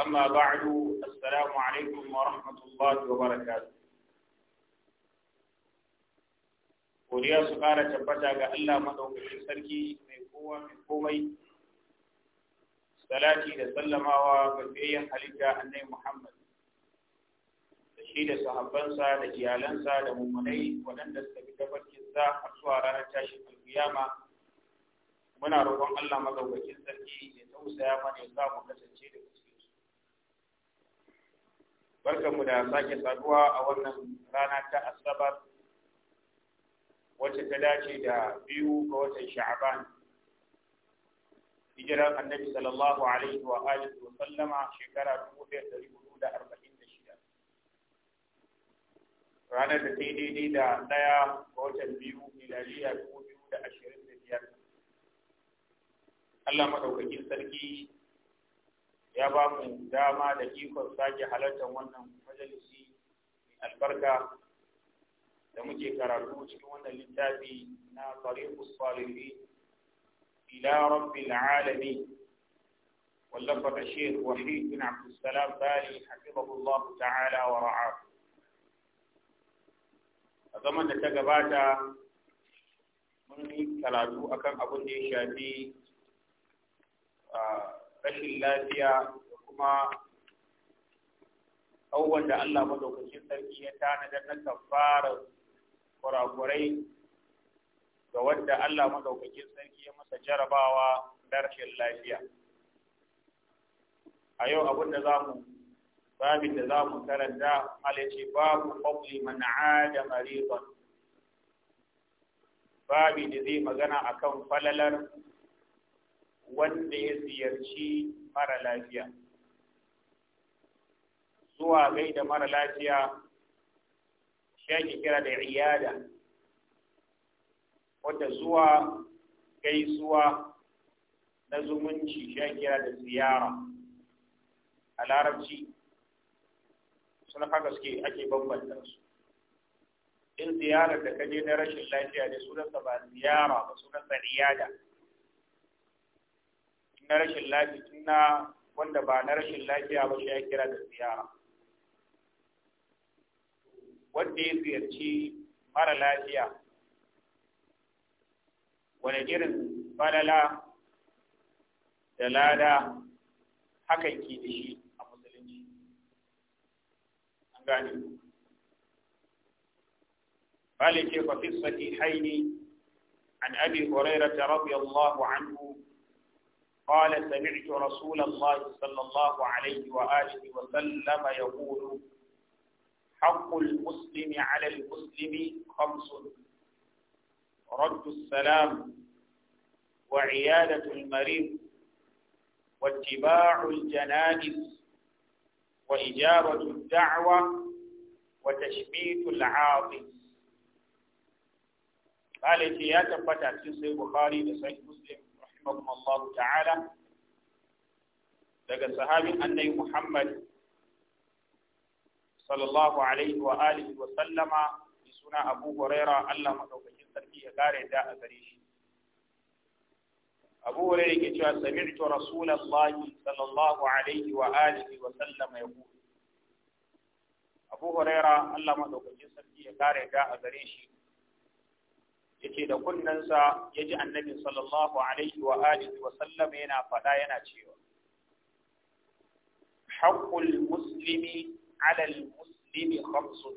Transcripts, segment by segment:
أما بعد السلام عليكم rahmatullahi wa وبركاته godiya su ƙara tabbata ga Allah maɗaukacin sarki mai kowa mai komai salati da sallamawa ga fiyayyen halitta annai Muhammad da shi da sahabbansa da iyalansa da mummunai waɗanda suka bi tabarkin sa a zuwa ranar tashin alkiyama muna roƙon Allah maɗaukacin sarki ya tausaya mana ya sa mu kasance da kusa barkanmu da sake saduwa a wannan rana ta asabar wacce ta dace da biyu ga watan sha'aban hijiran annabi sallallahu alaihi wa alihi wa sallama shekara 1446 ranar da ta daidai da daya ga watan biyu da 2025 Allah madaukakin sarki ya ba mu dama da ikon sake halartar wannan majalisi mai albarka da muke karatu cikin wannan littafi na tariqus salihin ila rabbil alamin wallafa shehu wahid bin abdus bali ta'ala wa ra'a a zaman da ta gabata mun yi karatu akan abin da ya shafi ah, rashin lafiya da kuma abubuwan da Allah madaukakin sarki ya tanada na kafarar kurakurai ga wanda Allah madaukakin sarki ya masa jarabawa da rashin lafiya. A yau abin da za mu babin da za mu karanta halice babu fadli mana ada mariban. babi da zai magana akan falalar wanda ya ziyarci mara lafiya zuwa gaida mara lafiya shi kira da iyada wanda zuwa gaisuwa na zumunci shi kira da ziyara a larabci suna haka suke ake bambanta su in ziyarar da kaje na rashin lafiya ne sunansa ba ziyara ba sunansa iyada na rashin lafiya na wanda ba na rashin lafiya ba shi ya kira da ziyara wanda ya ziyarci mara lafiya wani irin falala da lada hakan ke da shi a musulunci an gane قال في الصحيحين عن أبي هريرة رضي الله عنه قال سمعت رسول الله صلى الله عليه وآله وسلم يقول حق المسلم على المسلم خمس رد السلام وعيادة المريض واتباع الجنائز وإجابة الدعوة وتشبيت العاطف قال يا تبت في البخاري وصحيح مسلم rahimahumullah ta'ala daga sahabin annabi Muhammad sallallahu alaihi wa wa sallama suna Abu Huraira Allah madaukakin sarki ya kare da a gare shi Abu Huraira yake cewa sami'tu Rasulullahi sallallahu alaihi wa wa sallama yaqul Abu Huraira Allah sarki ya kare da a gare shi yake da kunnensa ya ji annabi sallallahu alaihi wa alihi wa sallam yana faɗa yana cewa haqqul muslimi ala muslimi khamsun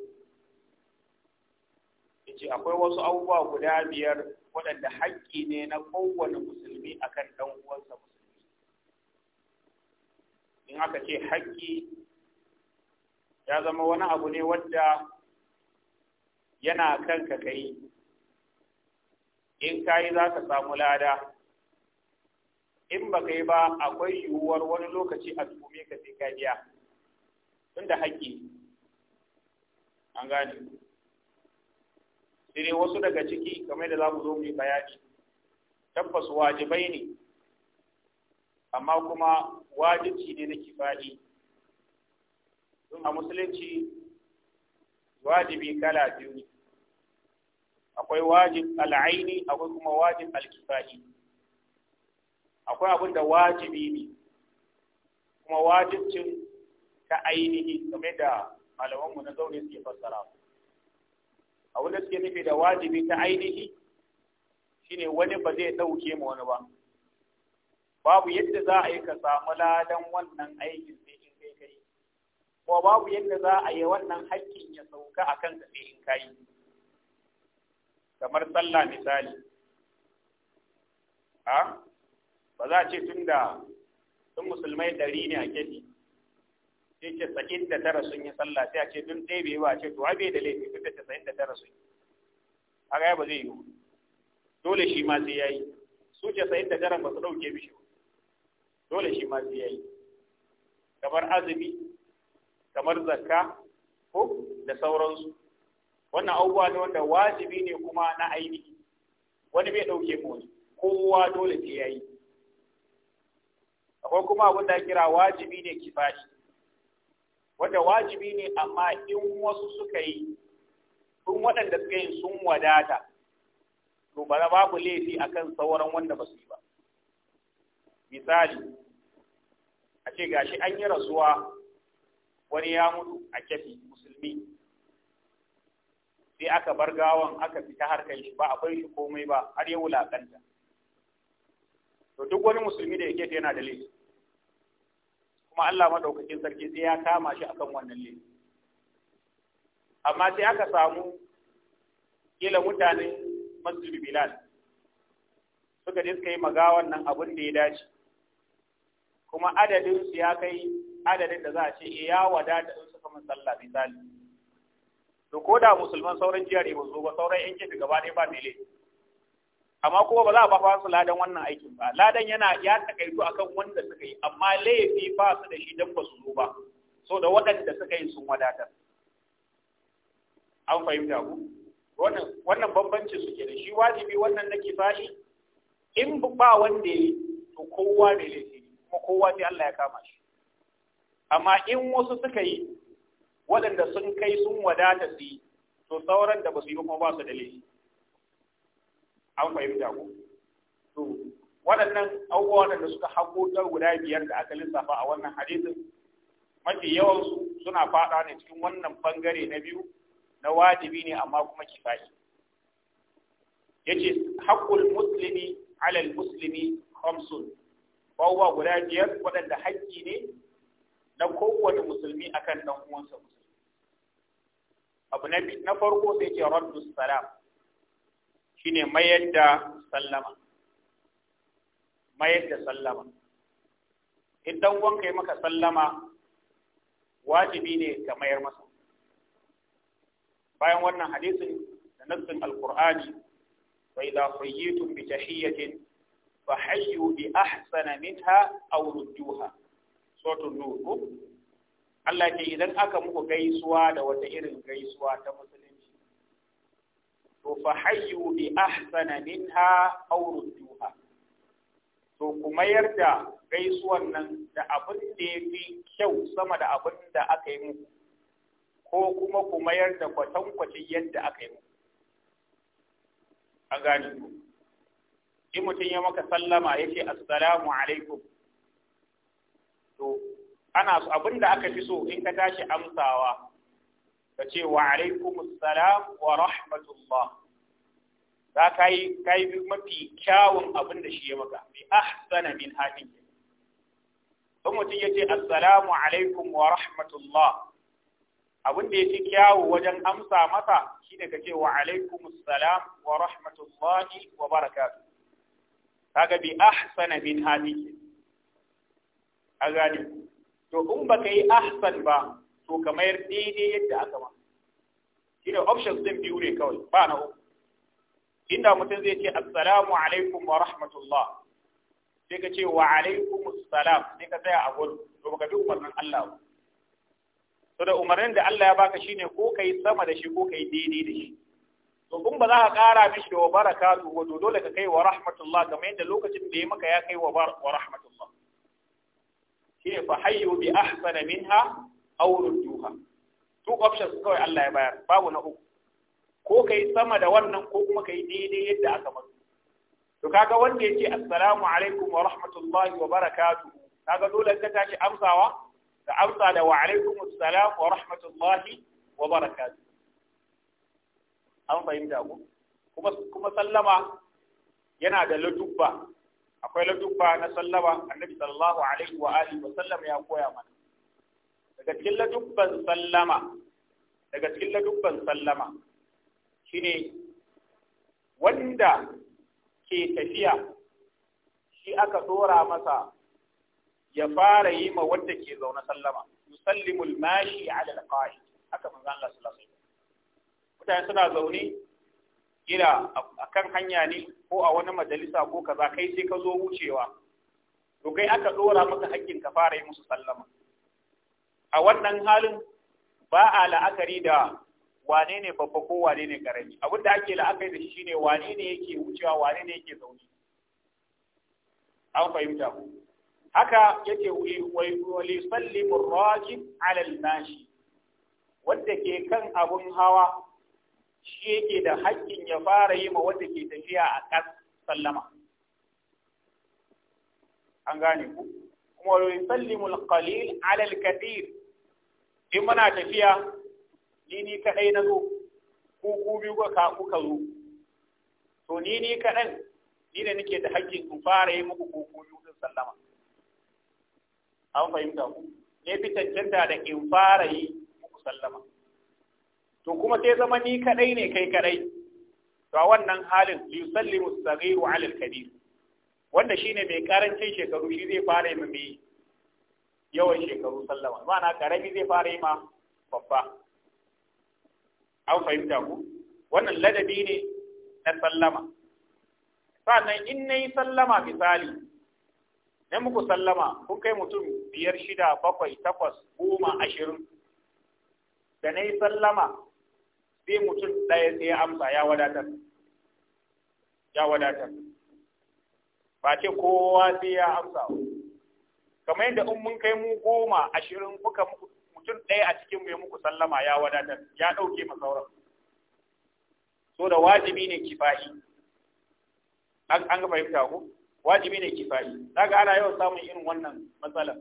yace akwai wasu abubuwa guda biyar waɗanda haƙƙi ne na kowane musulmi akan ɗan uwansa musulmi in aka ce haƙƙi ya zama wani abu ne wanda yana kanka kai in ka yi za ka samu lada in ba kai ba akwai yiwuwar wani lokaci a tsume ka sai ka biya da haƙƙi an gane sai wasu daga ciki kamar da za mu zo mu yi bayani tabbas wajibai ne amma kuma wajibci ne na kifa'i a musulunci wajibi kala biyu akwai wajib al'aini akwai kuma wajib al-kifai akwai abin da wajibi ne kuma wajibcin ta ainihi game da malamanmu na zaune suke fassara abin da suke nufi da wajibi ta ainihi shine wani ba zai ɗauke ma wani ba babu yadda za a yi ka samu ladan wannan aikin sai in kai kai ko babu yadda za a yi wannan hakkin ya sauka akan kan sai in kai kamar sallah misali a ba za a ce tun da tun musulmai ɗari ne a kefi sai ce sa'in da tara sun yi sallah sai a ce tun ɗaya bai ba ce to bai da laifi tun da ce sa'in da tara sun yi A gaya ba zai yi dole shi ma sai ya yi su ce sa'in da tara ba su ɗauke mishi dole shi ma sai ya yi kamar azumi kamar zakka ko da sauransu wannan abubuwa ne wanda wajibi ne kuma na ainihi wani bai ɗauke mu kowa dole sai ya yi akwai kuma abin da kira wajibi ne kifashi wanda wajibi ne amma in wasu suka yi in waɗanda suka yi sun wadata to ba babu laifi a kan sauran wanda ba su yi ba misali a ce gashi an yi rasuwa wani ya mutu a kyafi musulmi sai aka bar gawan aka fita harkar shi ba a bar shi komai ba har ya wulakanta to duk wani musulmi da yake yana da laifi kuma Allah madaukakin sarki sai ya kama shi akan wannan laifi amma sai aka samu kila mutanen masjid bilal suka je suka yi magawan nan abin da ya dace kuma adadin su ya kai adadin da za a ce eh, ya wadata in suka mun sallah misali to ko da musulman sauran jihar ba zo ba sauran yan kifi gaba ɗaya ba mele amma kuma ba za a bafa su ladan wannan aikin ba ladan yana ya takaitu akan wanda suka yi amma laifi ba su da shi dan ba su zo ba so da waɗanda suka yi sun wadatar an fahimta ku wannan wannan bambanci suke da shi wajibi wannan na kifayi in ba wanda ya to kowa ne laifi kuma kowa sai Allah ya kama shi amma in wasu suka yi waɗanda sun kai sun wadata su yi to sauran da ba su yi kuma ba su da laifi an fahimta ku to waɗannan abubuwa waɗanda suka haƙoƙar guda biyar da aka lissafa a wannan hadisin mafi su suna faɗa ne cikin wannan bangare na biyu na wajibi ne amma kuma kifayi yace haƙƙul muslimi alal muslimi khamsun bawwa guda biyar waɗanda haƙƙi ne na kowane musulmi akan ɗan uwansa musulmi abu na na farko sai ce raddu salam shine mayar da sallama mayar da sallama idan wanka yi maka sallama wajibi ne ka mayar masa bayan wannan hadisin da nassin alqur'ani wa idza khayyitum bi tahiyyatin fa hayyu bi ahsana minha aw rudduha suratul nur Allah ce idan aka muku gaisuwa da wata irin gaisuwa ta musulunci to fa hayyu bi ahsana minha aw rudduha to ku mayar da gaisuwan nan da abin da yafi kyau sama da abin da aka yi muku ko kuma ku mayar da kwatankwacin yadda aka yi muku a gane ku in mutum ya maka sallama ya ce assalamu alaikum to ana so abin da aka fi so in ka tashi amsawa ka ce wa alaikumus salam wa rahmatullah za ka yi ka mafi kyawun abin da shi ya maka bi ahsana min hadin in mutum ya ce assalamu alaikum wa rahmatullah abin da ya fi kyawu wajen amsa masa shi ne ka ce wa alaikumus salam wa rahmatullahi wa barakatuh kaga bi ahsana min hadin a gane to in ka yi ahsan ba to ka mayar daidai yadda aka ma shi ne options din biyu ne kawai ba na uku inda mutum zai ce assalamu alaikum wa rahmatullah sai ka ce wa alaikum assalam sai ka tsaya a gudu to baka bi umarnin Allah ba to da umarnin da Allah ya baka shine ko kai sama da shi ko kai daidai da shi to kun ba za ka kara mishi da wa barakatu wato dole ka kai wa rahmatullah kamar yadda lokacin da ya maka ya kai wa rahmatullah shine fa hayyu bi ahsana minha aw rudduha two options kawai Allah ya bayar babu na uku ko kai sama da wannan ko kuma kai daidai yadda aka maka to kaga wanda yace assalamu alaikum wa rahmatullahi wa barakatuh kaga dole ka tashi amsawa da amsa da wa alaikum assalam wa rahmatullahi wa barakatuh an fahimta ku kuma kuma sallama yana da ladubba akwai ladubba na sallama annabi sallallahu alaihi wa alihi wa sallam ya koya mana daga cikin ladubban sallama daga cikin ladubban sallama shine wanda ke tafiya shi aka dora masa ya fara yi ma wanda ke zaune sallama yusallimul mashi ala alqa'id haka manzo Allah sallallahu alaihi wa sallam mutane suna zaune kila a kan hanya ne ko a wani majalisa ko kaza kai sai ka zo wucewa to kai aka dora maka hakkin ka fara yi musu sallama a wannan halin ba a la'akari da wane ne babba ko wane ne karami abin da ake la'akari da shi shine wane ne yake wucewa wane ne yake zaune an fahimta ku haka yake wali sallimur rajib alal mashi wanda ke kan abun hawa shi yake da haƙƙin ya fara yi ma wanda ke tafiya a ƙas sallama an gane ku kuma wa yusallimul qalil ala al kathir in muna tafiya ni ni kaɗai na zo ku ku biyu ka kuka zo to ni ni kaɗan, ni da nake da haƙƙin ku fara yi muku ku ku biyu sallama an fahimta ku ne fi cancanta da in fara yi muku sallama to kuma sai zama ni kadai ne kai kadai to a wannan halin li sallimu sagiru ala al-kabir wanda shine mai karancin shekaru shi zai fara yin mai yawan shekaru sallama ma'ana karami zai fara yi ma babba an fahimta ku wannan ladabi ne na sallama sannan in na yi sallama misali na muku sallama kun kai mutum biyar shida bakwai takwas goma ashirin da na yi sallama sai mutum ɗaya sai amsa ya wadatar ya wadatar ba ce kowa sai ya amsa kamar yadda in mun kai mu goma ashirin kuka mutum ɗaya a cikin mai muku sallama ya wadatar ya ɗauke ma sauran so da wajibi ne kifayi an ga fahimta ku? wajibi ne kifayi daga ana yawan samun irin wannan matsalar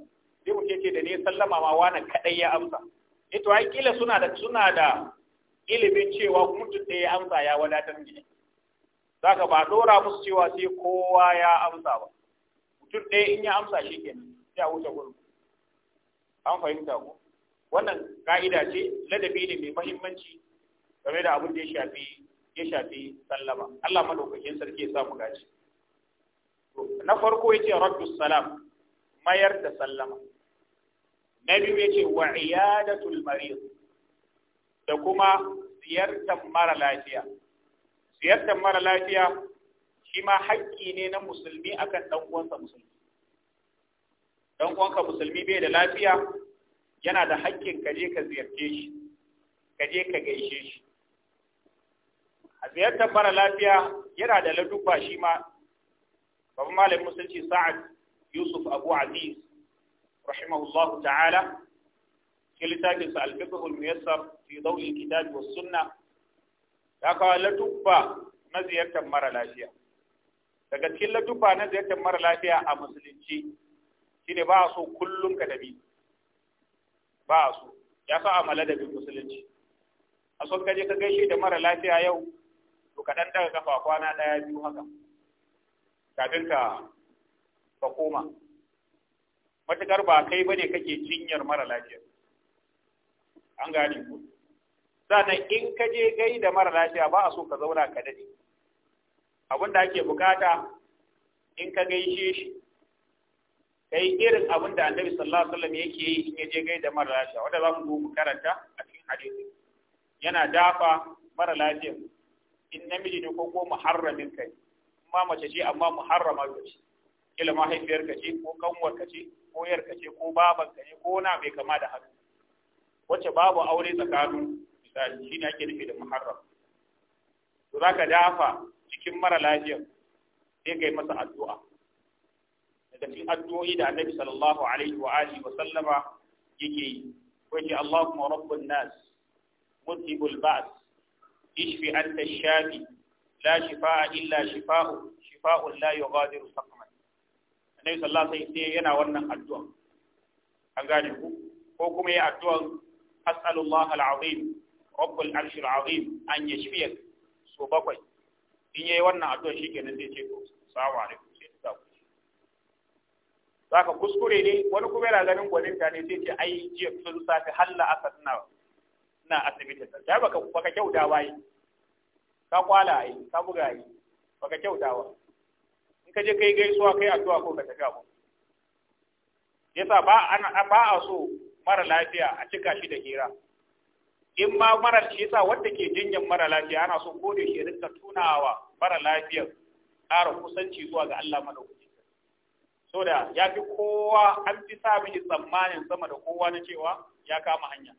sai mu ce da ne sallama ma wani kaɗai ya amsa ito eh ai kila suna da suna da ilimin cewa mutum ɗaya ya amsa ya wadatar ne Za ka ba dora musu cewa sai kowa ya amsa ba mutum ɗaya in ya amsa shi kenan sai a wuce gurin an fahimta ko wannan ka'ida ce ladabi ne mai mahimmanci game da abin da ya shafi ya shafi sallama Allah madaukakin sarki ya samu gaci na farko yace Raddu salam mayar da sallama na biyu yace wa iyadatul marid da kuma ziyartar mara lafiya ziyartar mara lafiya shi ma haƙƙi ne na musulmi akan ɗan uwansa musulmi ɗan uwanka musulmi bai da lafiya yana da haƙƙin ka je ka ziyarce shi ka ka gaishe shi a ziyartar mara lafiya yana da laduba shi ma babban malamin musulci sa'ad yusuf abu aziz rahimahullahu ta'ala cikin littafin sa al-fiqhul muyassar fi dawil kitab was sunna Ta kawo latubba na ziyartar mara lafiya daga cikin latubba na ziyartar mara lafiya a musulunci shine ba a so kullum ka dabi ba a so ya sa amala da bin musulunci a son kaje ka gaishe da mara lafiya yau to ka dan daga kafa kwana daya biyu haka Ka ka ka koma matukar ba kai bane kake jinyar mara lafiya an gane ku sannan in ka je gai da mara lafiya ba a so ka zauna ka dade abin da ake bukata in ka gaishe shi kai irin abin da annabi sallallahu alaihi wasallam yake yi in ya je gai da mara lafiya wanda za mu zo mu karanta a cikin hadisi yana dafa mara lafiya in namiji ne ko ko muharramin kai ma mace ce amma muharrama ka ce kila mahaifiyarka ce ko kanwarka ce ko yarka ce ko babanka ne ko na bai kama da haka wacce babu aure tsakanin misali ne ake nufi da muharram to ka dafa cikin mara lafiyar. sai kai masa addu'a daga cikin addu'o'i da Annabi sallallahu alaihi wa alihi wa sallama yake yi wace Allahumma rabbun nas mutibul ba's ishfi anta shafi la shifaa illa shifa'u shifa'un la yughadiru saqman Annabi sallallahu alaihi wa sallam yana wannan addu'a an gane ku ko kuma yi addu'an أسأل الله arshi bakwai. In العظيم أن يشفيك سو بقوي إن يوانا أدوى شيء نزي تيكو سلام عليكم sai ta Za zaka kuskure ne wani kuma yana ganin gwanin ta ne zai ce ai jiya sun safi halla a na na asibitin ta baka baka kyauta ka kwala ai ka buga ai baka kyauta in ka je kai gaisuwa kai addu'a ko ka tafi yasa ba ana ba a so mara lafiya a cika shi da hira in ma mara shi yasa wanda ke jinyar mara lafiya ana so ko da shi rinka tunawa mara lafiyar ƙara kusanci zuwa ga Allah madaukaki da ya fi kowa an fi sa mini tsammanin sama da kowa na cewa ya kama hanya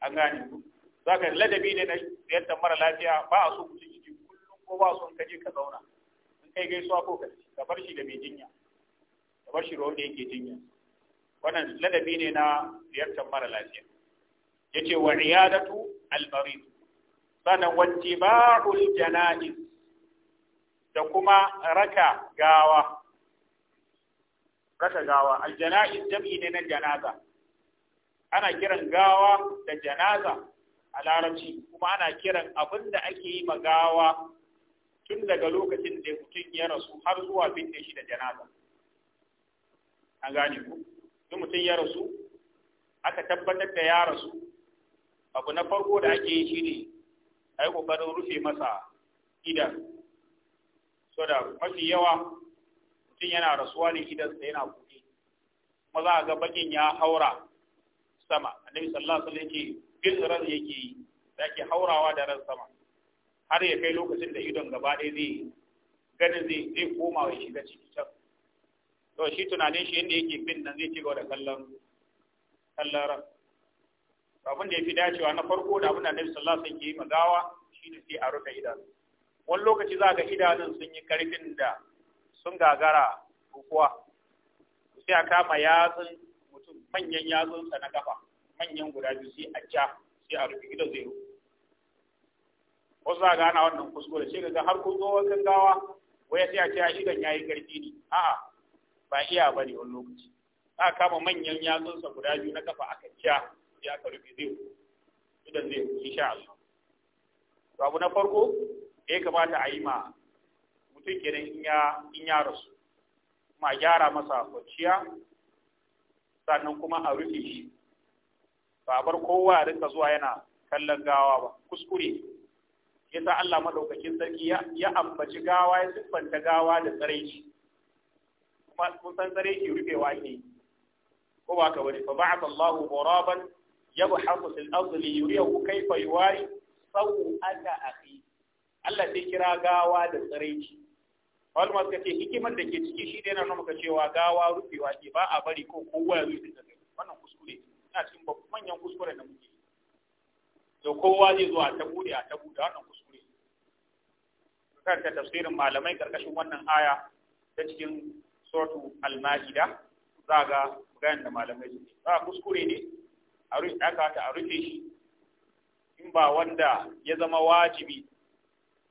an gane ku zaka ladabi ne na yadda mara lafiya ba a so ku ci ji kullum ko ba son kaje ka zauna in kai gaisuwa ko ka ka bar shi da mai jinya ka bar shi da wanda yake jinya wannan ladabi ne na ziyartar mara lafiya yace wa iyadatu al-marid sanan wattiba'ul janaiz da kuma raka gawa raka gawa al-janaiz jam'i ne na janaza ana kiran gawa da janaza a larabci kuma ana kiran abin da ake yi ma gawa tun daga lokacin da mutum ya rasu har zuwa binne shi da janaza an gane ku in mutum ya rasu aka tabbatar da ya rasu abu na farko da ake yi a ai kokarin rufe masa idan so da mafi yawa mutum yana rasuwa ne idan sa yana buɗe za a ga bakin ya haura sama annabi sallallahu alaihi yake bil ran yake yi da ke haurawa da ran sama har ya kai lokacin da idon gaba ɗaya zai ganin zai zai koma ya shiga ciki can to shi tunanin shi inda yake bin nan zai ci gaba da kallon kallon ran abin da ya fi dacewa na farko da abin da Annabi sallallahu alaihi wasallam ke yi magawa ne sai a ruka idanu wani lokaci za ga idanun sun yi karfin da sun gagara kuwa sai a kama yatsun mutum manyan yatsun sa na kafa manyan guda biyu sai a ja sai a rufe idan zai wasu za ga ana wannan kuskure sai ga har kun zo gawa wai sai a ce a idan yayi karfi ne a'a ba iya ba wani lokaci a kama manyan yatsunsa guda biyu na kafa aka ja sai aka rufe zai idan zai insha Allah to abu na farko da ya kamata a yi ma mutum kenan in ya in ya rasu kuma gyara masa kwanciya sannan kuma a rufe shi ba bar kowa rinka zuwa yana kallon gawa ba kuskure yasa Allah madaukakin sarki ya ambaci gawa ya siffanta gawa da tsare shi kuma kun san tsare shi rufe wake. ko ba ka bari fa ba'atha Allahu ghuraban yabhathu fil ardi yi, yuriyahu kayfa yuwari sau'ata akhi Allah sai kira gawa da shi. Walmar Masu ce hikimar da ke ciki shi ne nan maka cewa gawa rufe wake ba a bari ko kowa ya rufe daga wannan kuskure ina cikin manyan kuskure da muke to kowa zai zo a ta bude a ta bude wannan kuskure ta tafsirin malamai karkashin wannan aya ta cikin suratu al-ma'ida za ga bayan da malamai su za kuskure ne a rufe aka ta a rufe shi in ba wanda ya zama wajibi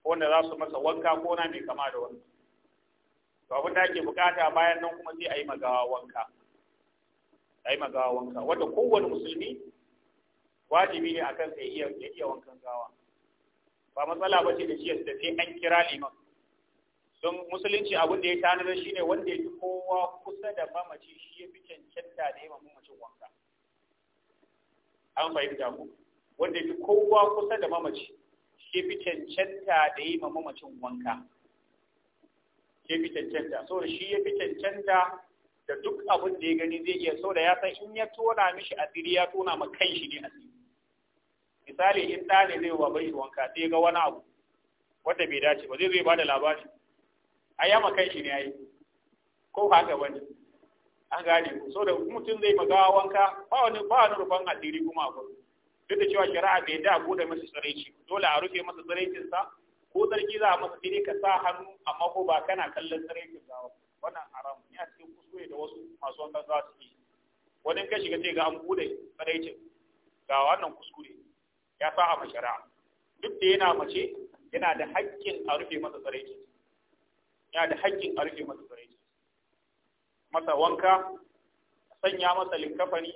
ko wanda za su masa wanka ko na mai kama da wani to abin da ake bukata bayan nan kuma sai a yi magawa wanka a yi magawa wanka wanda kowane musulmi wajibi ne akan sai iya iya wankan gawa ba matsala ba ce da shi da sai an kira liman don musulunci abin da ya shi shine wanda ya fi kowa kusa da mamaci shi ya fi cancanta da yawan mamacin wanka an fahimta ku wanda ya fi kowa kusa da mamaci shi ya fi cancanta da yawan mamacin wanka ya fi cancanta so shi ya fi cancanta da duk abin da ya gani zai iya so da ya san in ya tona mishi asiri ya tona ma kan shi ne asiri misali in ɗa ne zai wa bai wanka sai ga wani abu wanda bai dace ba zai zai ba da labari a yama kan shi ne yi. ko ba haka wani an gane ku so da mutum zai maga wanka ba wani ba wani rufan asiri kuma ba duk da cewa shari'a bai da da masa tsareci dole a rufe masa tsarecin sa ko sarki za a masa sai ka sa hannu amma ko ba kana kallon tsarecin sa wannan haram ne a cikin kuskure da wasu masu wanka za su yi wani ka shiga ce ga an bude tsarecin ga wannan kuskure ya sa a shari'a duk da yana mace yana da haƙƙin a rufe masa tsiraicin ya da haƙƙin a rufe masa tsiraici masa wanka a sanya masa linkafani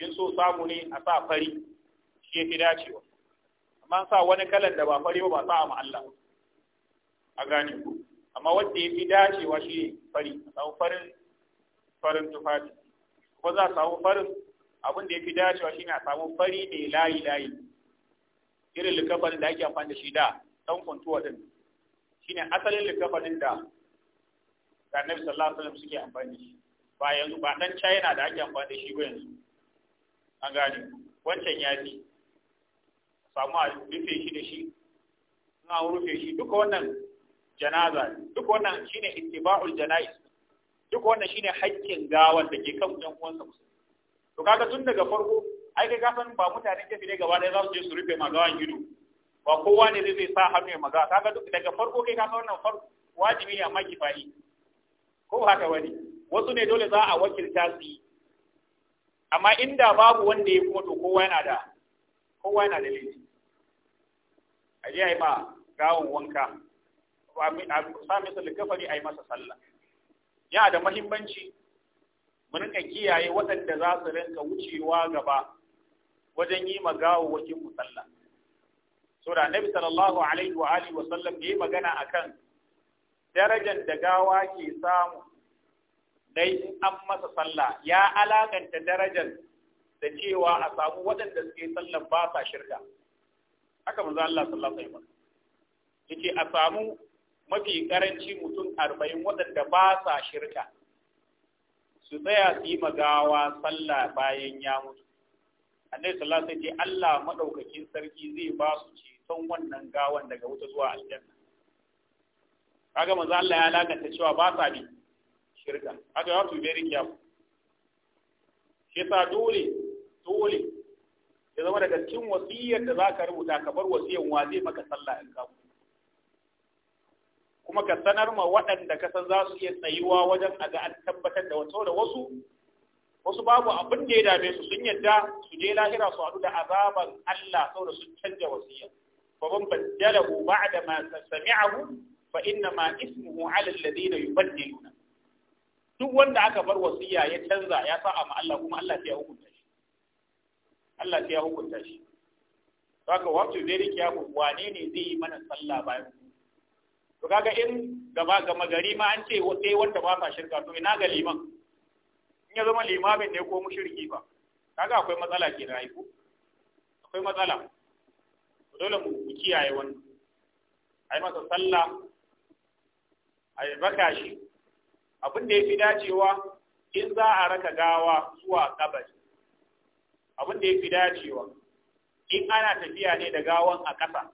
in so samu ne a sa fari shi ya fi dacewa amma sa wani kalan da ba fari ba sa a Allah a gane ku amma wanda ya fi dacewa shi ne fari a samu farin farin tufafi kuma za a samu farin abin da ya fi dacewa shi ne a samu fari ya layi layi irin likafarin da ake amfani da shi da ɗan kwantuwa ɗin. shine asalin likafanin da annabi sallallahu alaihi wasallam suke amfani shi ba yanzu ba dan China da ake amfani da shi ba yanzu an gane wancan yafi samu a rufe shi da shi na rufe shi duka wannan janaza duk wannan shine ittiba'ul janaiz duk wannan shine haƙƙin gawar da ke kan ɗan uwansa musulmi to kaga tun daga farko ai kai ka san ba mutane ke ne gaba ɗaya za su je su rufe ma gawan ba kowa ne zai sa hannu ya maza kaga duk daga farko kai ka wannan farko wajibi ne amma kifayi ko haka wani wasu ne dole za a wakilta su yi amma inda babu wanda ya kuma to kowa yana da kowa yana da laifi a je ai ma gawon wanka a sa masa likafari a yi masa sallah yana da mahimmanci mu rinka kiyaye waɗanda za su rinka wucewa gaba wajen yi ma gawo wakin musalla sallah sura nabi sallallahu alaihi wa alihi wa sallam yayi magana akan darajar da gawa ke samu dai in an masa sallah ya alakanta darajar da cewa a samu waɗanda suke sallan ba sa shirka haka manzo Allah sallallahu alaihi wa yace a samu mafi karanci mutum arba'in waɗanda ba sa shirka su tsaya su yi magawa sallah bayan ya mutu annabi sallallahu alaihi wasallam ce Allah madaukakin sarki zai ba su ci ceton wannan gawan daga wuta zuwa aljanna kaga manzo Allah ya lalata cewa ba sa bi shirka kaga wato very careful shi sa dole dole ya zama daga cikin wasiyar da zaka rubuta ka bar wasiyar wa zai maka sallah in ka kuma ka sanar ma waɗanda ka san za su iya tsayuwa wajen a ga an tabbatar da wato da wasu wasu babu abin da ya dame su sun yadda su je lahira su haɗu da azaban Allah saboda sun canja wasiyar فمن بدله بعد ما سمعه فإنما اسمه على الذين يبدلونه duk wanda aka bar wasiya ya canza ya sa'a ma Allah kuma Allah sai ya hukunta shi Allah sai ya hukunta shi saka wato zai rike ku wane ne zai yi mana sallah bayan to kaga in gaba gama gari ma an ce sai wanda ba sa shirka to ina ga liman in ya zama limamin ne ko mushriki ba kaga akwai matsala ke rayu akwai matsala dole mu kiyaye wannan ai masa sallah ai baka shi abin da ya fi dacewa in za a raka gawa zuwa kabari abin da ya fi dacewa in ana tafiya ne da gawan a ƙasa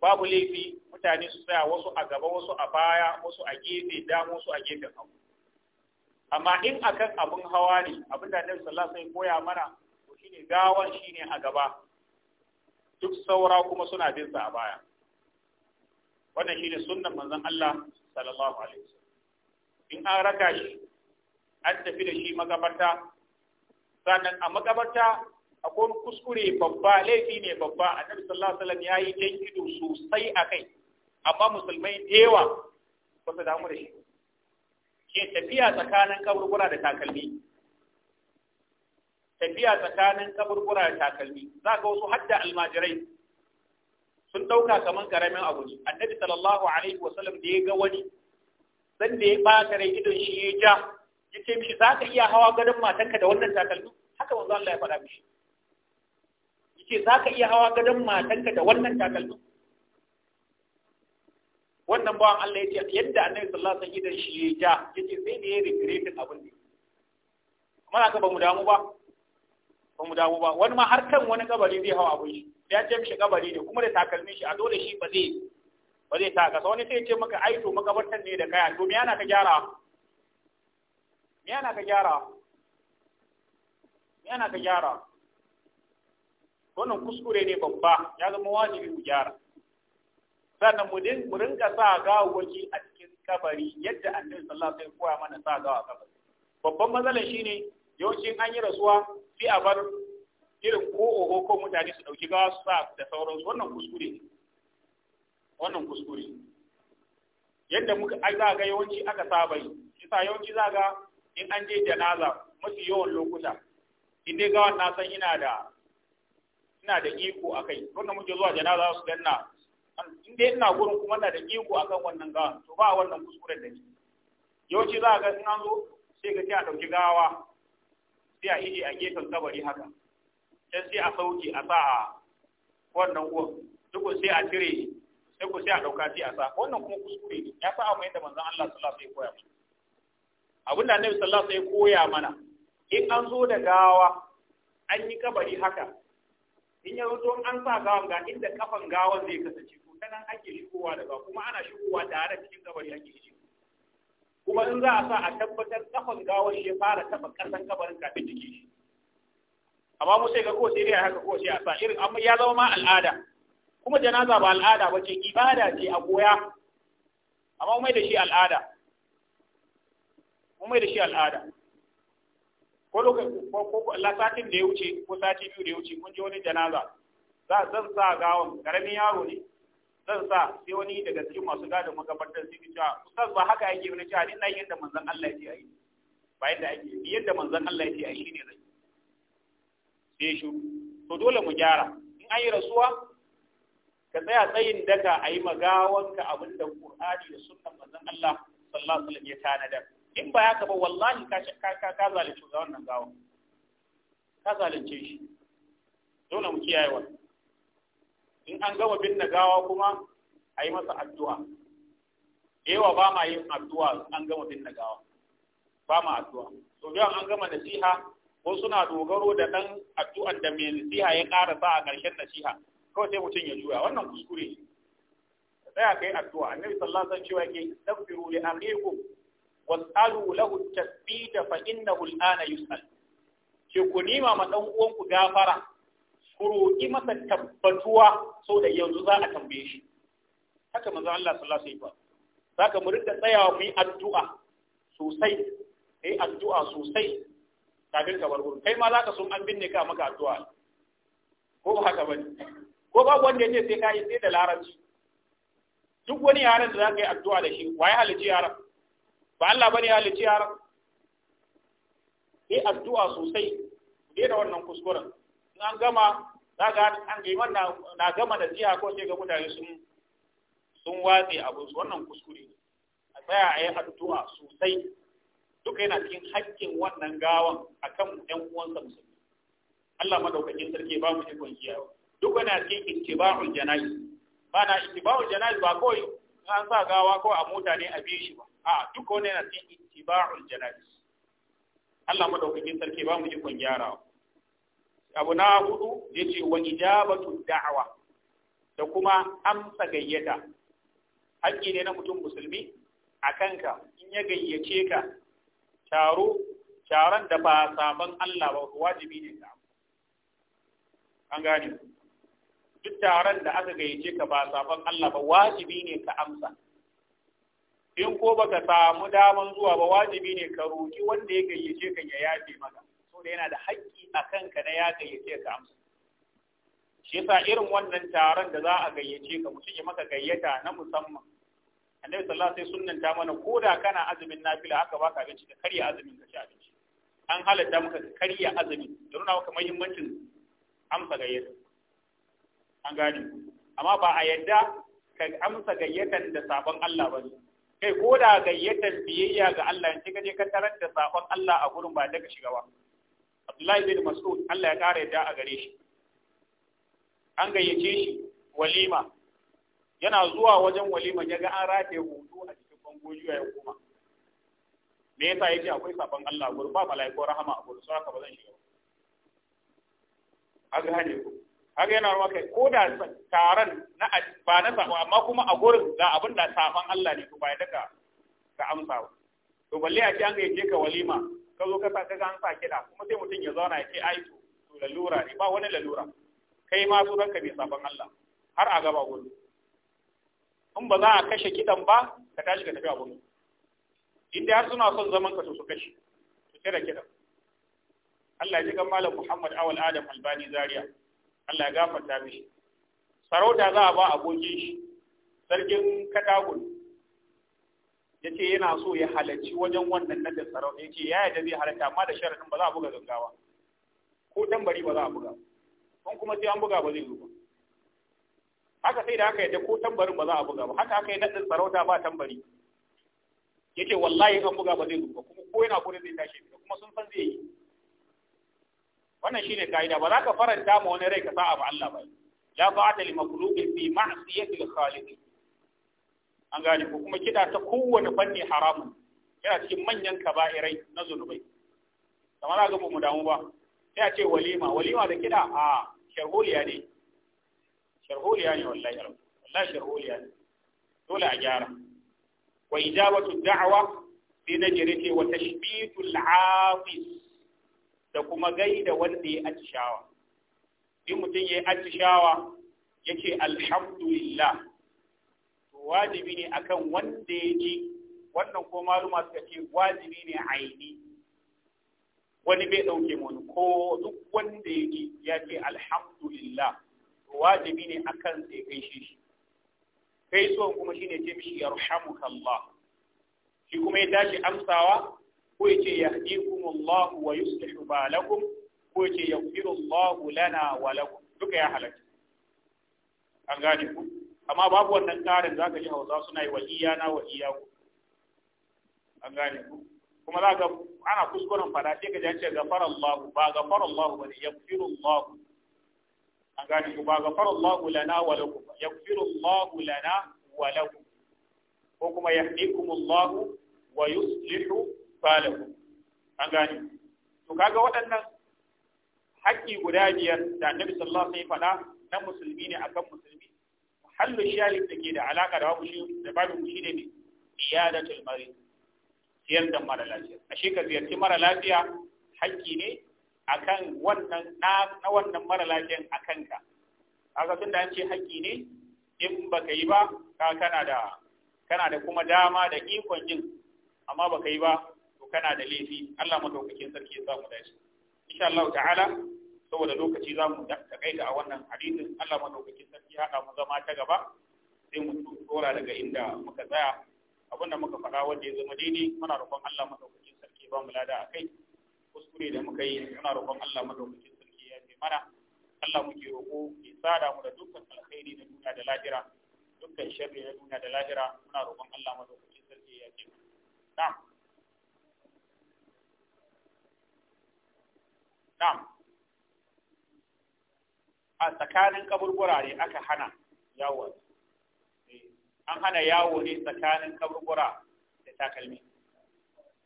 babu laifi mutane su tsaya wasu a gaba wasu a baya wasu a gefe dama wasu a gefen abu amma in akan abun hawa ne abin da annabi sallallahu alaihi wasallam koya mana to shine gawan shine a gaba duk saura kuma suna bin sa a baya wannan shine sunnan manzon Allah sallallahu alaihi wasallam in an raka shi an tafi da shi makabarta sannan a makabarta akwai kuskure babba laifi ne babba annabi sallallahu alaihi wasallam yayi ido sosai akai amma musulmai dewa yawa ba su damu da shi ke tafiya tsakanin kaburbura da takalmi tafiya tsakanin kaburbura da takalmi za ga wasu hadda almajirai sun ɗauka kamar karamin abu ne annabi sallallahu alaihi wa sallam da ya ga wani san da ya ɓata rai idon shi ya ja ya ce mishi za ka iya hawa gadon matanka da wannan takalmi haka wanzu Allah ya faɗa mishi ya ce za ka iya hawa gadon matanka da wannan takalmi wannan bawan Allah ya ce yadda annabi sallallahu alaihi sallam idon shi ya ja ya ce sai da ya regretin abin ne kuma aka ba mu damu ba ba mu damu ba wani ma har kan wani kabari zai hawa abin shi ya ce mishi kabari ne kuma da takalmin shi a dole shi ba zai ba zai ta kasa wani sai ce maka ai to makabartan ne da kaya to me yana ka gyara me yana ka gyara me yana ka gyara wannan kuskure ne babba ya zama wajibi mu gyara sannan mu din mu rinka sa gawawaki a cikin kabari yadda annabi sallallahu alaihi wasallam ya koya mana sa gawa kabari babban matsalar shine yawancin an yi rasuwa sai a bar irin ko oho ko mutane su ɗauki gawa su sa da sauransu wannan kuskure wannan kuskure yadda muka za ga yawanci aka saba yi isa yawanci za ga in an je janaza mafi yawan lokuta in dai gawan na san ina da ina da iko a kai wannan muke zuwa janaza su danna in dai ina gurin kuma na da iko akan wannan gawan to ba wannan kuskuren da ni yawanci za ga in an zo sai ga a ɗauki gawa sai a yi a gefen kabari haka can sai a sauke a sa a wannan uwan duk sai a cire sai ku sai a dauka sai a sa wannan kuma kuskure ne ya sa amma yadda manzon Allah sallallahu alaihi wasallam ya koya mana abin da Annabi sallallahu alaihi wasallam ya koya mana in an zo da gawa an yi kabari haka in ya zo an sa gawan ga inda kafan gawan zai kasance to ta nan ake shigowa da kuma ana shigowa tare cikin kabari ake kuma in za a sa a tabbatar kafan gawar shi ya fara taba kasan kabarin kafin jiki shi amma mu sai ga ko sai dai haka ko sai a sa irin amma ya zama ma al'ada kuma janaza ba al'ada ba ce ibada ce a goya amma mai da shi al'ada mai da shi al'ada ko lokacin ko satin da ya wuce ko sati biyu da ya wuce mun je wani janaza za zan sa gawon karamin yaro ne zan sa sai wani daga cikin masu gadin makabartar sai ki cewa ustaz ba haka yake na cewa ni na yadda manzon Allah yake ai ba yadda ake ni yadda manzon Allah yake ai shine zai sai shi to dole mu gyara in an yi rasuwa ka tsaya tsayin daka a yi magawanka abin da Qur'ani da sunnan manzon Allah sallallahu alaihi wasallam ya tanada. in ba haka ba wallahi ka ka ka zalunci wannan gawan ka zalunce shi dole mu kiyaye wannan in an gama binne gawa kuma a yi masa addu'a yawa ba ma yin addu'a an gama binne gawa ba ma addu'a so yawan an gama nasiha ko suna dogaro da ɗan addu'an da mai nasiha ya ƙara sa a ƙarshen nasiha kawai sai mutum ya juya wannan kuskure ne ka tsaya kai addu'a annabi sallallahu alaihi wasallam cewa ke, istaghfiru li akhikum was'alu lahu at-tasbita fa innahu al-ana yus'al ke ku nima ma dan uwanku gafara ku roƙi masa tabbatuwa so da yanzu za a tambaye shi haka manzo Allah sallallahu alaihi wasallam zaka mu rinka tsayawa mu yi addu'a sosai kai addu'a sosai kafin ka bar kai ma zaka sun an binne ka maka addu'a ko ba haka bane ko babu wanda yake sai ka yi sai da larabci duk wani yaran da zaka yi addu'a da shi waye halici yaran ba Allah bane halici yaran kai addu'a sosai da wannan kuskuren an gama za ga an liman na gama da siya ko sai ga mutane sun sun watse abin su wannan kuskure ne a tsaya a yi addu'a sosai duka yana cikin haƙƙin wannan gawan akan ƴan uwansa musulmi Allah madaukakin sarki ba mu ikon kiyawa duk yana cikin ittiba'ul janayi ba na ittiba'ul janayi ba ko an sa gawa ko a mota ne a bishi shi ba a duk wani yana cikin ittiba'ul janayi Allah madaukakin sarki ba mu ikon gyarawa abu na hudu yace wa ijabatu da'wa da kuma amsa gayyata haƙƙi ne na mutum musulmi a kanka in ya gayyace ka taro taron da ba saban Allah ba wajibi ne ka an gane duk taron da aka gayyace ka ba saban Allah ba wajibi ne ka amsa in ko baka samu daman zuwa ba wajibi ne ka roki wanda ya gayyace ka ya yafe maka saboda yana da haƙƙi a kanka na ya gayyace ka amsa shi yasa irin wannan taron da za a gayyace ka mutum ya maka gayyata na musamman annabi sallallahu alaihi wasallam ta mana koda kana azumin nafila aka baka abinci ka karya azumin ka ci abinci an halatta maka ka karya azumi da nuna maka muhimmancin amsa gayyata an gane amma ba a yadda ka amsa gayyatan da sabon Allah ba ne kai ko da gayyatar biyayya ga Allah in ka je ka tarar da sakon Allah a gurin ba daga shiga ba Abdullahi bin Mas'ud Allah ya ƙara yadda a gare shi an gayyace shi walima yana zuwa wajen walima ya ga an rataye hutu a cikin bangoji ya kuma me yasa yace akwai sabon Allah gurin ba mala'iku rahama a gurin saka bazan zan shiga haka hane ku haka yana ruwa kai ko da taron na ba na sabo amma kuma a gurin ga abin da sabon Allah ne ku ba ya daga ka amsa to balle a ce an gayyace ka walima ka zo ka saka an sa kiɗa kuma sai mutum ya zauna ya ce ai to lalura ne ba wani lalura kai ma sunan ka bai sabon Allah har a gaba gudu in ba za a kashe kiɗan ba ka tashi ka tafi a in inda har suna son zaman ka to su kashe su cire kiɗan Allah ya ji kan malam Muhammad Awal Adam Albani Zaria Allah ya gafarta mishi sarauta za a ba abokin shi sarkin katagun ya ce yana so ya halarci wajen wannan na tsaro ya ce ya yadda zai halarta amma da sharaɗin ba za a buga zangawa ko tambari ba za a buga ba kuma sai an buga ba zai zo ba haka sai da aka yadda ko tambarin ba za a buga ba haka aka yi naɗin sarauta ba tambari ya ce wallahi an buga ba zai zo ba kuma ko yana gurin zai tashi ba kuma sun san zai yi wannan shine ka'ida ba za ka faranta ma wani rai ka sa'a ba Allah ba la fa'ata li makhluqin fi ma'siyati al-khaliq an gane ko kuma kiɗa ta kowane fanni haramun yana cikin manyan kaba'irai na zunubai kamar ga mu damu ba sai a ce walima walima da kiɗa a sharholiya ne sharholiya ne wallahi wallahi sharholiya ne dole a gyara wa ijabatu da'wa sai na jere ce wa tashbitul afis da kuma gaida wanda ya atishawa in mutum ya atishawa yace alhamdulillah wajibi ne akan wanda ya ji wannan ko maluma suka ce wajibi ne aini wani bai ɗauke mun ko duk wanda ya ji ya ce alhamdulillah wajibi ne akan sai kai shi kai so kuma shine ce mishi yarhamukallah shi kuma ya tashi amsawa ko ya ce Allah wa yuslihu balakum ko ya ce yaghfirullahu lana wa lakum duka ya halatta an gane ku amma babu wannan ƙarin za ka ji hausa suna yi wa iyana wa iyaku an gane ku kuma za ka ana kuskuren fada sai ka jance gafara Allah ba gafara Allah bane yaghfiru Allah an gane ku ba gafara Allah lana wa lakum yaghfiru Allah lana wa lakum ko kuma yahdikum Allah wa yuslihu balakum an gane ku. to kaga waɗannan haƙƙi guda biyar da Annabi sallallahu alaihi wasallam faɗa na musulmi ne akan musulmi hallu shahid da ke da alaka da shi da babu shi ne iyadatul marid siyar da mara lafiya ashe ka ziyarci mara lafiya hakki ne akan wannan na wannan mara lafiyan akan ka kaga da an ce hakki ne in baka yi ba ka kana da kana da kuma dama da ikon yin amma baka yi ba to kana da laifi Allah madaukakin sarki ya samu dace insha Allah ta'ala saboda lokaci za mu takaita a wannan hadisin Allah madaukakin sarki haɗa mu zama ta gaba sai mu tsora daga inda muka tsaya abinda muka faɗa wanda ya zama daidai muna roƙon Allah madaukakin sarki ba mu lada akai kuskure da muka yi muna roƙon Allah madaukakin sarki ya ce mana Allah muke roƙo ya sada mu da dukkan alkhairi na duniya da lahira dukkan sharri na duniya da lahira muna roƙon Allah madaukakin sarki ya ce na'am na'am a tsakanin kaburbura ne aka hana yawo eh, an hana yawo ne tsakanin kaburbura da takalmi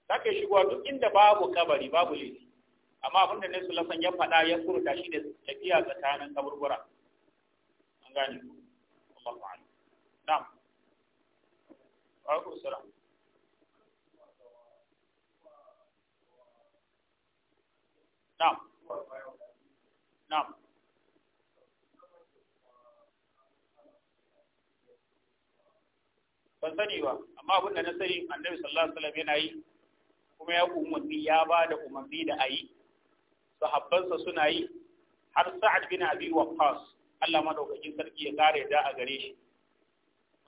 sake shigowa duk inda babu kabari babu ne amma abin da Naisu Lasan ya faɗa ya furta shi da tafiya tsakanin kaburbura an gane Allah ta'ala na'am wa alaikum na'am na'am ban sani ba amma abin da na sani annabi sallallahu alaihi wasallam yana yi kuma ya umarni ya ba da umarni da ayi sahabbansa suna yi har sa'ad bin abi waqqas Allah madaukakin sarki ya kare da a gare shi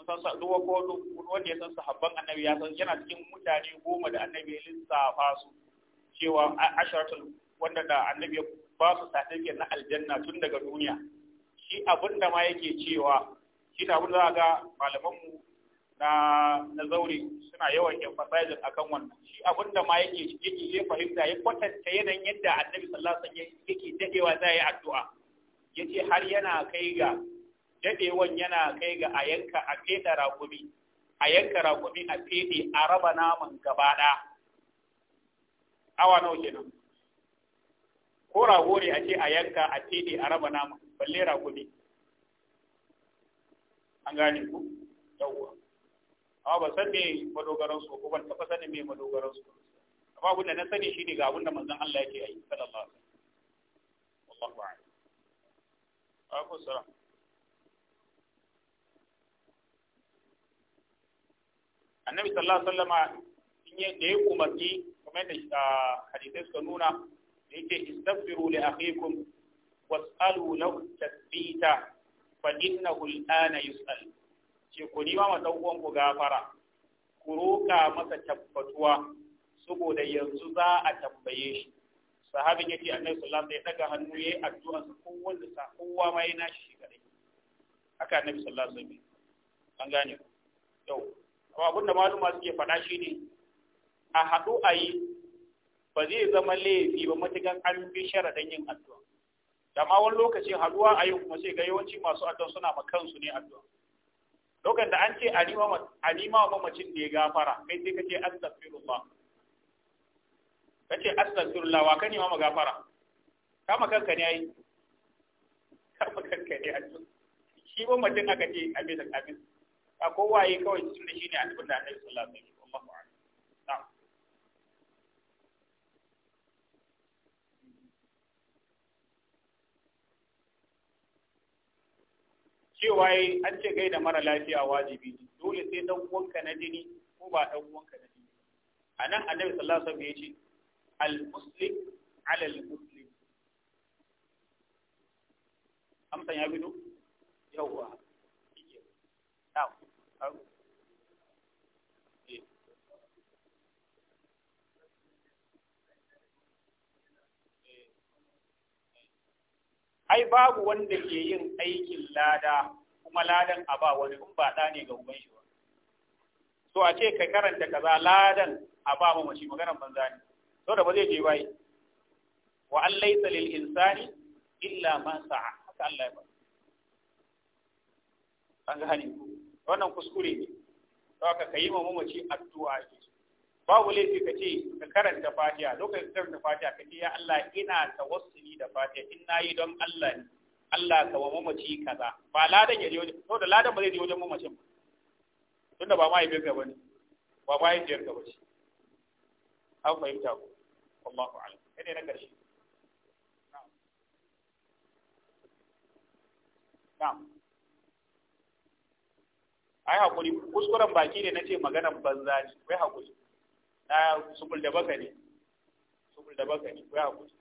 san sa'ad wa ko wanda ya san sahabban annabi ya san yana cikin mutane goma da annabi ya lissafa su cewa asharatul wanda da annabi ya ba su certificate na aljanna tun daga duniya shi abinda ma yake cewa shi da abin da za ga malaman mu na na zaure suna yawan emphasizing akan wannan shi abinda ma yake yake zai fahimta ya kwatanta yanayin yadda annabi sallallahu alaihi wasallam yake dadewa za yi addu'a yace har yana kai ga dadewan yana kai ga a yanka a feda rakumi a yanka rakumi a fede a raba naman gaba da awa nawa kenan ko rago ne a ce a yanka a fede a raba naman balle rakumi an gane ku yawwa amma ba san me madogaran su ko ban taba sanin me madogaran su amma abin da na sani shine ga abin da manzon Allah yake yi sallallahu alaihi wasallam wallahu a'lam alaikum salam annabi sallallahu alaihi wasallama in ya da ya umarni kamar da hadisai suka nuna da yake istaghfiru li akhikum was'alu lahu tathbita fa innahu al'ana yus'al ce ku nima ma ɗan ku gafara ku roƙa masa tabbatuwa saboda yanzu za a tambaye shi sahabin yake annabi sallallahu alaihi wasallam ya daga hannu yayi addu'a sa kowanne sa kowa ma yana shi kadai haka annabi sallallahu alaihi wasallam an gane ku yau amma abinda maluma suke faɗa ne, a haɗu a yi ba zai zama laifi ba matukan an bi sharaɗin yin addu'a. Dama wani lokaci haɗuwa a yi kuma sai ga yawanci masu addu'a suna ma kansu ne addu'a. lokacin da an ce alima wa mamacin da ya gafara kai sai kace astaghfirullah kace astaghfirullah wa kani ma magafara kama kanka ne ai kama kanka ne ai shi mamacin aka ce abin da abin a kowaye kawai da shine annabin da annabi sallallahu alaihi cewa yi eh, an ce gaida mara lafiya wajibi dole sai dan uwanka na jini ko ba dan uwanka na jini a nan annabi sallallahu alaihi wasallam ya ce al-muslim ala al-muslim amsan ya bido yawwa ai babu wanda ke yin aikin lada kuma ladan a ba wani in ba ɗa ne ga uban ba to a ce ka karanta kaza ladan a ba mu mace maganar banza ne to da ba zai je bai wa an laysa lil insani illa ma sa'a haka Allah ya ba an ga hani wannan kuskure ne to ka kai mu mace addu'a ke babu laifi ka ce ka karanta fatiha lokacin karanta fatiha ka ce ya Allah ina tawassuli da fatiha in nayi don Allah ne Allah ka wa mamaci kaza ba ladan ya je wajen to da ladan ba zai je wajen mamacin ba tunda ba mai birka bane ba mai jirka ba ce an fahimta ku Allahu a'lam kai ne na karshe na'am ai hakuri kuskuren baki ne nace maganar banza ne wai hakuri na subul da bakari subul da bakari ko ya kuce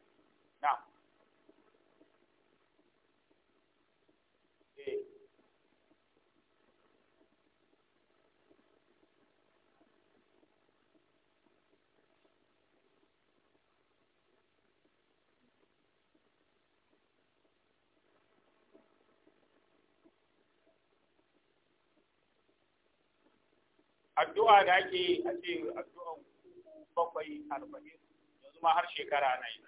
addu'a da ake a ce addu'an bakwai arba'in yanzu ma har shekara na yi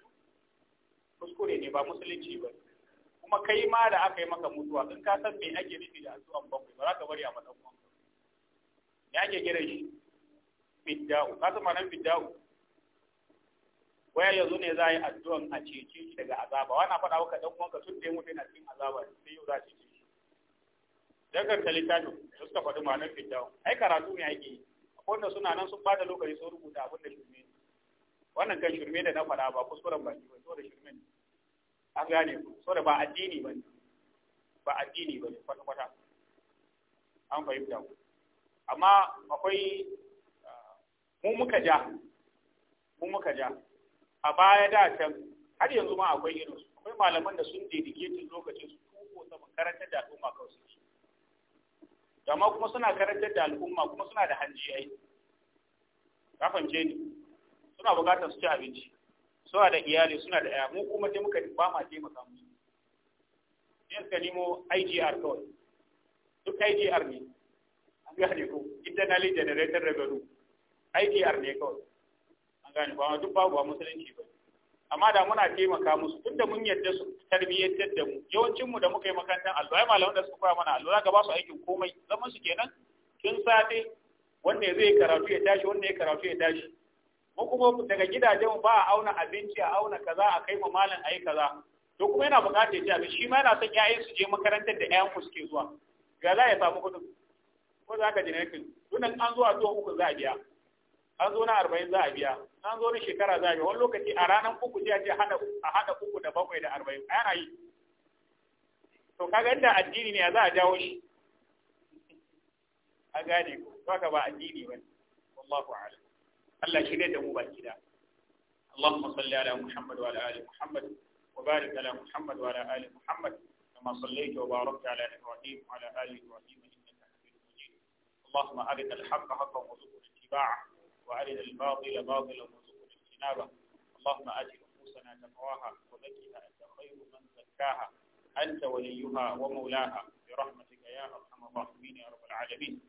kuskure ne ba musulunci ba kuma kai ma da aka yi maka mutuwa in ka san me ake nufi da addu'an bakwai ba za ka bari a matsan ba me ake kira shi fidda'u ka san ma'anar fidda'u waya yanzu ne za a yi addu'an a cece shi daga azaba wani faɗa maka ɗan uwanka tun da ya mutu yana cikin azaba sai yau za a cece dan ta littafin da suka faɗi ma'anar fiddawa ai karatu ne ake yi wanda suna nan sun bada lokaci sun rubuta abin da shirme ne wannan kan shirme da na faɗa ba kuskuren tsoron ba saboda shirme ne an gane ku saboda ba addini ba ne ba addini ba ne kwata-kwata an fahimta ku amma akwai mu muka ja mu muka ja a baya da can har yanzu ma akwai irin su akwai malaman da sun dedike tun lokacin su tuko saman karantar da al'umma kawai amma kuma suna karantar da al'umma kuma suna da hanji ai yi. Kafin ni suna bukatar su ci abinci suna da iyali suna da yaya mu kuma dai muka ba ma taimaka musu sai ka nemo IGR kawai duk IGR ne an gane ko internal generator revenue IGR ne kawai an gane ba duk babu ba musulunci ba ne amma da muna taimaka musu tunda mun yadda su tarbiyyantar da mu yawancin mu da muka yi makarantar allo ai malaman da suka koya mana allo zaka ba su aikin komai zaman su kenan tun safe wanda zai karatu ya tashi wanda ya karatu ya tashi mu kuma daga gidajen ba a auna abinci a auna kaza a kai ma malam ayi kaza to kuma yana buƙatar ya ci shi ma yana son ƴaƴan su je makarantar da ƴaƴan ku suke zuwa ga za ya samu kuɗin ko za ka ji ne kin tunan an zuwa zuwa uku za a biya an zo na arba'in za a biya an zo na shekara za a biya wani lokaci a ranar uku sai a ce a haɗa uku da bakwai da arba'in a yanayi to kaga inda addini ne a za a jawo shi a gane ku. to haka ba addini ba wallahu a'lam Allah shi ne da mu baki da Allahumma salli ala Muhammad wa ala ali Muhammad wa barik ala Muhammad wa ala ali Muhammad kama sallaita wa barakta ala Ibrahim wa ala ali Ibrahim innaka Hamidum Majid Allahumma arid al-haqqa haqqan wa zukur ittiba'a وأرنا الباطل باطلا وارزقنا اجتنابه اللهم آت نفوسنا تقواها وزكها أنت خير من زكاها أنت وليها ومولاها برحمتك يا أرحم الراحمين يا رب العالمين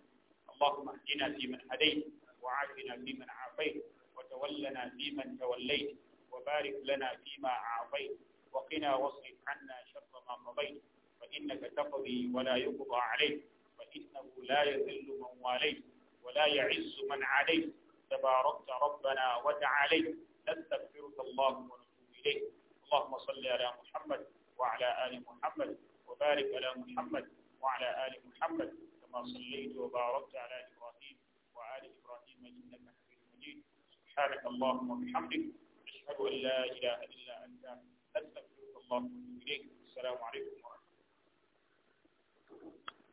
اللهم اهدنا فيمن هديت وعافنا فيمن عافيت وتولنا فيمن توليت وبارك لنا فيما أعطيت وقنا واصرف عنا شر ما قضيت فإنك تقضي ولا يقضى عليك فإنه لا يذل من واليت ولا يعز من عليك تباركت ربنا وتعالي نستغفرك اللهم ونتوب إليك اللهم صل على محمد وعلى آل محمد وبارك على محمد وعلى آل محمد كما صليت وباركت على إبراهيم وآل إبراهيم إنك حميد مجيد سبحانك اللهم وبحمدك أشهد أن لا إله إلا أنت نستغفرك اللهم ونتوب إليك السلام عليكم